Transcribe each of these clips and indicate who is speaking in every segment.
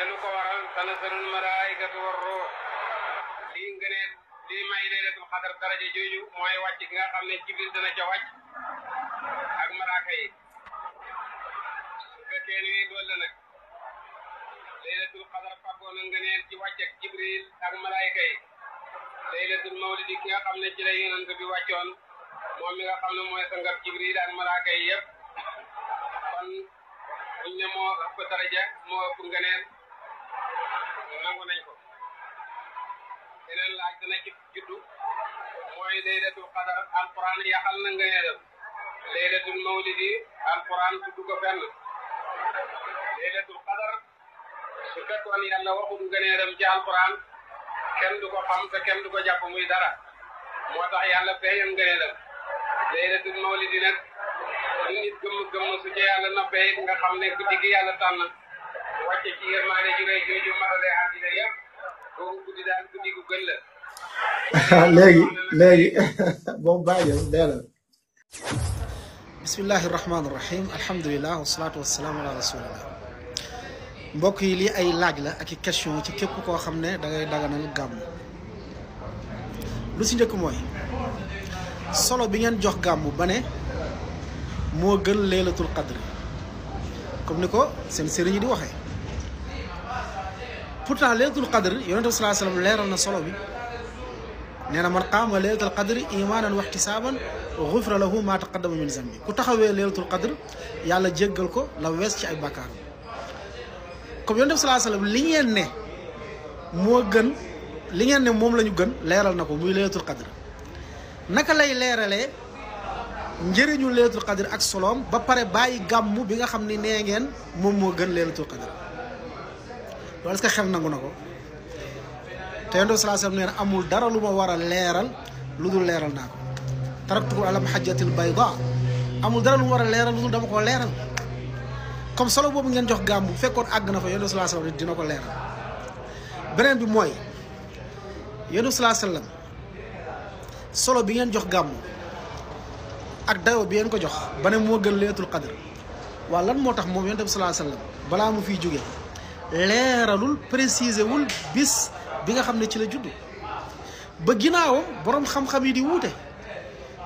Speaker 1: te lu ko waral tanazalul malaayikatu war ruux lii ngëneel lii may laylatul xadar daraja jooju mooy wàcc gi nga xam ne jibril dana ca wàcc ak malaaka yi su fekkee ni loolu la nag laylatul xadar ci wàcc ak jibril ak malaayika yi laylatul mawlidi ki nga xam ne ci la yonent bi wàccoon moom mi nga xam ne mooy sangab jibril ak malaaka yi kon buñ ne moo ëpp daraja moo ëpp ngëneel nangu nañ ko beneen laaj dana ci juddu mooy laylatul qadar alquran yaxal na nga yeelal mawlidi alquran tudd ko fenn laylatul qadar su fekkoon yàlla waxul ngëneelam ci alquran kenn du ko xam te kenn du ko jàpp muy dara moo tax yàlla feeñal ngëneelam laylatul mawlidi nag lu nit gëmm gëmm su ci yàlla noppee nga xam ne guddi gi yàlla tànn
Speaker 2: بسم الله الرحمن الرحيم الحمد لله والصلاة والسلام على رسول الله بوكي لي أي لاجلة أكي كشون تي كيبو كو خمنا داغي داغانا الغام لو سيديكو موي صلو بيان جوخ غامو باني مو غن ليلة القدر كم نكو سن سيريني دي وخي pourtant laylatul qadr yonent bi salaa salaam leeral na solo bi nee na man qaama laylatul qadri imaanan wa ihtisaaban gufira lahu maa taqaddama min zambi ku taxawee laylatul qadr yàlla jéggal ko la wees ci ay bakkaaram comme yonent bi salaa salaam li ngeen ne moo gën li ngeen ne moom la ñu gën leeral na ko muy laylatul qadr naka lay leeralee njëriñu laylatul qadr ak soloom ba pare bàyyi gàmm bi nga xam ni nee ngeen moom moo gën laylatul qadr loolu est-ce que xel nangu ko te yonent bi sallallahu amul dara lu ma war a leeral lu leeral naa ko taraktukum ala mahajjatil bayda amul dara lu war a leeral lu dul koo leeral comme solo boobu ngeen jox gàmm bu fekkoon àgg na fa yonent bi sallallahu dina ko leeral beneen bi mooy yonent bi sallallahu solo bi ngeen jox gàmm ak dayoo bi ngeen ko jox beneen ne moo gën laylatul qadr waa lan moo tax moom yonent bi sallallahu alayhi balaa mu fiy jógee leeralul préciser wul bis bi nga xam ne ci la judd ba ginnaaw boroom xam-xam yi di wuute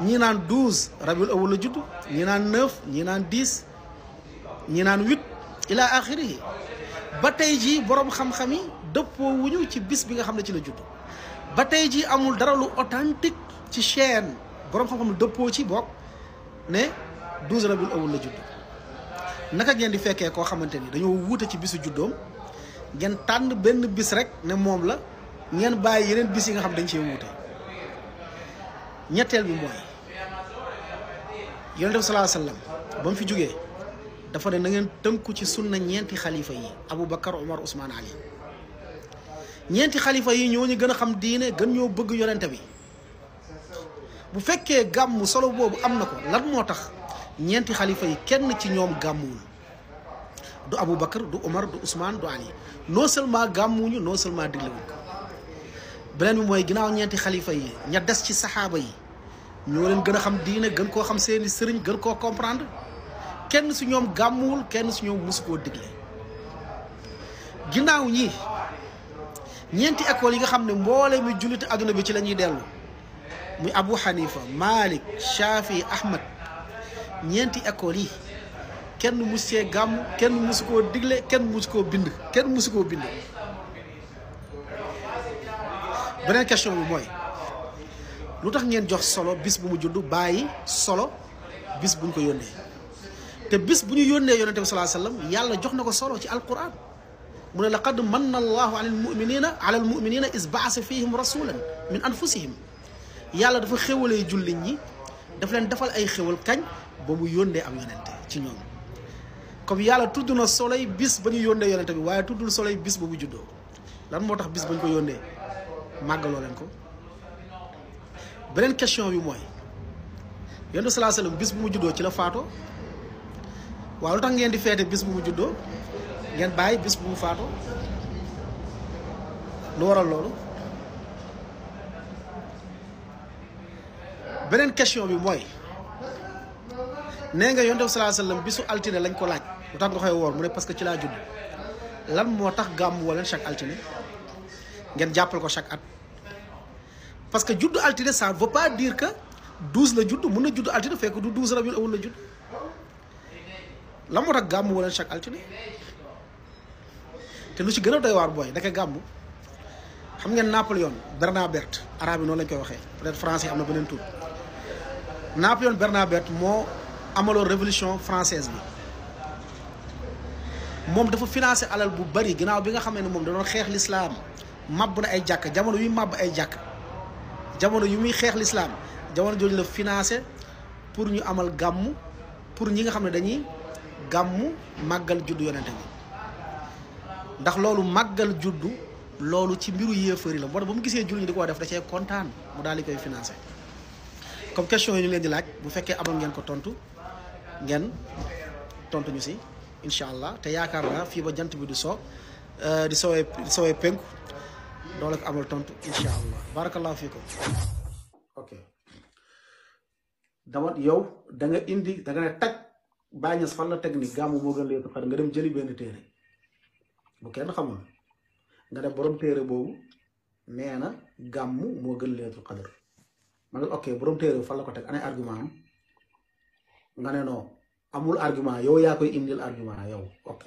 Speaker 2: ñi naan douze rabiul awal la judd ñi naan neuf ñi naan dix ñi naan huit ila axirihi ba tey jii boroom xam-xam yi dëppoo wuñu ci bis bi nga xam ne ci la judd ba tey jii amul dara lu authentique ci chaîne boroom xam-xam dëppoo ci bokk ne douze rabiul awal la judd naka ngeen di fekkee koo xamante ni dañoo wuute ci bisu juddoom ngeen tànn benn bis rek ne moom la ngeen bàyyi yeneen bis yi nga xam dañ cee wuute ñetteel bi mooy yonent bi salaa sallam ba mu fi jógee dafa ne na ngeen tënku ci sunna ñeenti xalifa yi Aboubacar Omar Ousmane Ali ñeenti xalifa yi ñoo ñu gën a xam diine gën ñoo bëgg yonente bi bu fekkee gàmm solo boobu am na ko lan moo tax ñeenti xalifa yi kenn ci ñoom gàmmuwul du Aboubacar du Omar du Ousmane du Ali non seulement gàmmuñu noo seulement diglewuñ beneen bi mooy ginnaaw ñeenti xalifa yi ña des ci saxaaba yi ñoo leen gën a xam diine gën koo xam seeni sëriñ gën koo comprendre kenn su ñoom gàmmuwul kenn su ñoom musu koo digle ginnaaw ñi ñeenti école yi nga xam ne mboole mi jullite adduna bi ci la ñuy dellu muy Abu Hanifa Malik Shafi Ahmad ñeenti école yi kenn mus cee gàmm kenn musu koo digle kenn musu koo bind kenn musu koo bind beneen question bi mooy lu tax ngeen jox solo bis bu mu judd bàyyi solo bis buñ ko yónnee te bis bu ñu yónnee yonente bi salaa sallam yàlla jox na ko solo ci alquran mu ne laqad manna allahu ala almuminina ala almuminina is baasa fihim rasulan min anfusihim yàlla dafa xéwalee jullit ñi daf leen defal ay xéwal kañ ba mu yónnee am yonente ci ñoom comme yàlla tudd na soleil bis ba ñu yónnee yonente bi waaye tuddul soleil bis ba mu juddoo lan moo tax bis ba ñu ko yónnee màggaloo leen ko beneen question bi mooy yonente salaa sallam bis bu mu juddoo ci la faatoo waaw lu ngeen di feete bis bu mu juddoo ngeen bàyyi bis bu mu lu waral beneen question bi mooy nee nga yonente bi salaa sallam bisu altine lañ ko laaj motax tax wor mune parce que ci la judd lan motax tax gàmm woo chaque altiné ngén jappal ko chaque at parce que judd altiné ça veut pas dire que 12 la judd mune na judd altine fekk du 12 rabiul awul la judd lan motax tax gàmm woo chaque altiné té lu ci gëna doy war boy da daka gàmm xam ngeen napoleon bernabert arabe non lañ koy waxé peut être français amna benen tour tur napoleon bernabert mo amalo révolution française bi moom dafa financé alal bu bari ginnaaw bi nga xam ne moom da doon xeex lislaam màbb na ay jàkk jamono yu màbb ay jàkk jamono yu muy xeex lislaam jamono jooju la finance pour ñu amal gàmm pour ñi nga xam ne dañuy gàmm màggal juddu yonente bi ndax loolu màggal juddu loolu ci mbiru yéefari la moo tax ba mu gisee jullit ñi di ko def da kontaan mu daal di koy financé comme question yi ñu leen di laaj bu fekkee amoon ngeen ko tontu ngeen tontu ñu si. Insyaallah, te yaakar na fi ba jant bi du so di eh, di penku la ko amal tontu insyaallah. barakallahu fikum ok dawat yow da nga indi da nga tek taj fa la teg ni gàmmu moo gën leen xar nga dem jëli ben téré bu kenn xamul nga dem borom téré bobu nee gamu mo gën ma ok borom téré fa la ko tek ane argument nga ne non amul argument yow ya koy indil argument yow ok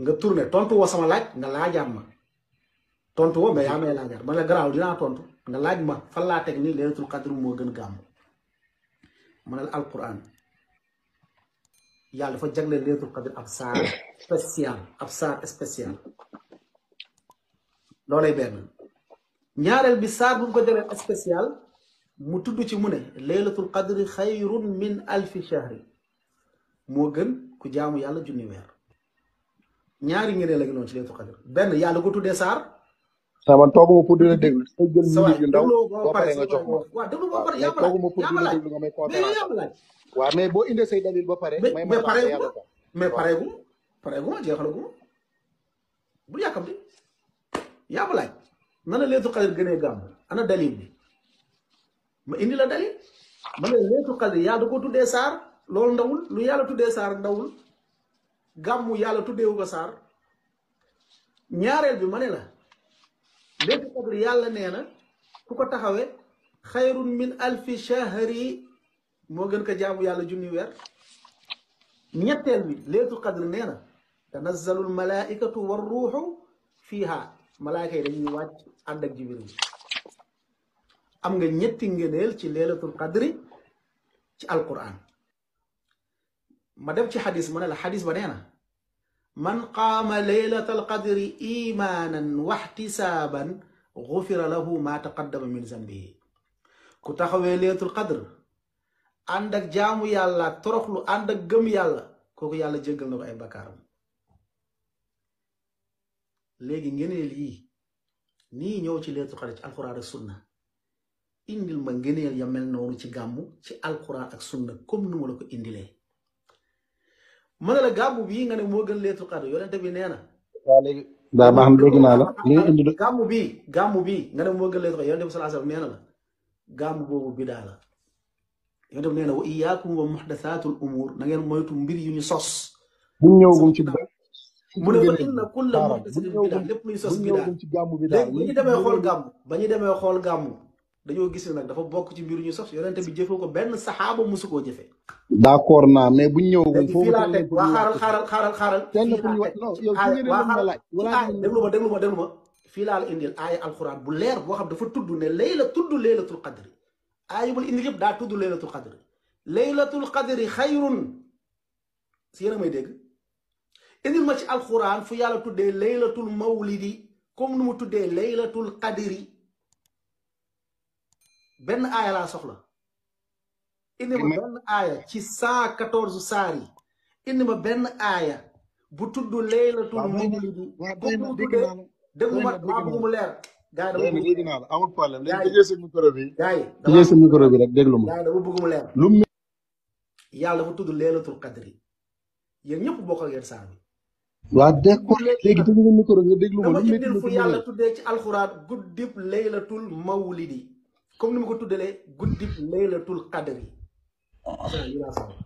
Speaker 2: nga tourner tontu wo sama laaj nga laajam ma tontu wo mais amé laajar laajaat ma la garaaw tontu nga laaj ma fa la tek ni lailatul qadr mo gën gam ma alquran yàlla dafa jagleel laylatul qadr ab saar spécial ab saar spécial lolay ben ñaaral bi saar bu ko spécial mu tudd ci mu ne laylatul qadri xayrun min alfi shahri moo gën ku jaamu yàlla junni weer ñaari ngeen la ngi noonu ci laylatul qadri benn yàlla ko tuddee saar
Speaker 1: sama toogu ma pour di la déglu sa jël minute yu ndaw boo paree nga jox ma
Speaker 2: waaw ma laaj yaa ma laaj
Speaker 1: nga mais boo indee ba pare mais pareegu
Speaker 2: mais pareegu pareegu ma jeexalagu ma bu yàkkam bi yaa ma laaj nana laylatul qadri gënee gàmm ana dalil bi ma indila la dalil ma ne leetu xadri yàlla ko tuddee saar loolu ndawul lu yàlla tuddee saar ndawul gàmmu yàlla tuddeewu ko saar ñaareel bi ma ne la leetu xadri yàlla nee na ko taxawee xayrun min alfi shahri moo gën ko jaamu yàlla junni weer ñetteel bi leetu xadri nee na tanazzalul malaikatu war ruuxu fiiha malaaka yi dañuy wàcc ànd ak am nga ñetti ngeenel ci lailatul qadri ci alquran ma dem ci hadis mo ne la hadis ba neena man qama lailatul qadri wa ihtisaban ghufira lahu ma taqaddama min zambihi ku taxawé lailatul qadr and ak jaamu yalla toroxlu and ak gëm yàlla kooku yalla jéggal na ko ay bakkaaram léegi ngeenel yi ni ñëw ci laylatul qadr alquran ak sunna indil ma ngëneel ya mel noonu ci gàmmu ci alquran ak sunna comme nu la ko indilee ma ne la gàmmu bii nga ne moo gën leetul xadr yonente bi nee na waaw léegi daa baax na dégg naa la li nga indi gàmmu bii gàmmu bii nga ne moo gën leetul xadr yonente bi salaa sallam nee na la gàmmu boobu bidaa la yonente bi nee na wa iyaakum wa muxdasaatul umuur na ngeen moytu mbir yu ñu sos
Speaker 1: bu ñëwagum ci bidaa
Speaker 2: mu ne fa inna kulla muxdasatin bidaa lépp luy sos bidaa léegi bu ñu demee xool gàmmu ba ñu demee xool gàmmu dañoo gis ne nag dafa bokk ci mbir ñu sos yonente bi jëfee ko benn saxaaba musu koo jëfee.
Speaker 1: d' accord naa mais bu ñu ñëw. foofu la teg waa xaaral xaaral
Speaker 2: xaaral xaaral. fii laa teg non yow fi ngeen ma laaj. ah déglu ma déglu ma déglu ma fii laa la indil aaya alxuraan bu leer boo xam dafa tudd ne layla tudd laylatul qadri aaya bu la indil yëpp daa tudd laylatul qadri laylatul qadri xayrun si yéen a may dégg indil ma ci alxuraan fu yàlla tuddee laylatul mawlidi comme nu mu tuddee laylatul qadri benn aaya laa soxla indi ma benn aaya bu tudd
Speaker 1: laylatul mawlidi bu tudd déglu ma maa bëgg mu leer gaa yi dama bëgg naa la amul problème léegi tëjee sa micro bi gaa yi tëjee sa
Speaker 2: bu tudd laylatul qadri yéen ñëpp bokk ak yéen
Speaker 1: waa d'accord léegi tëjee sa micro nga déglu ma lu mu fu
Speaker 2: tuddee ci alxuraan guddib laylatul mawlidi comme nous, ma ko tuddalee guddi qadri ah.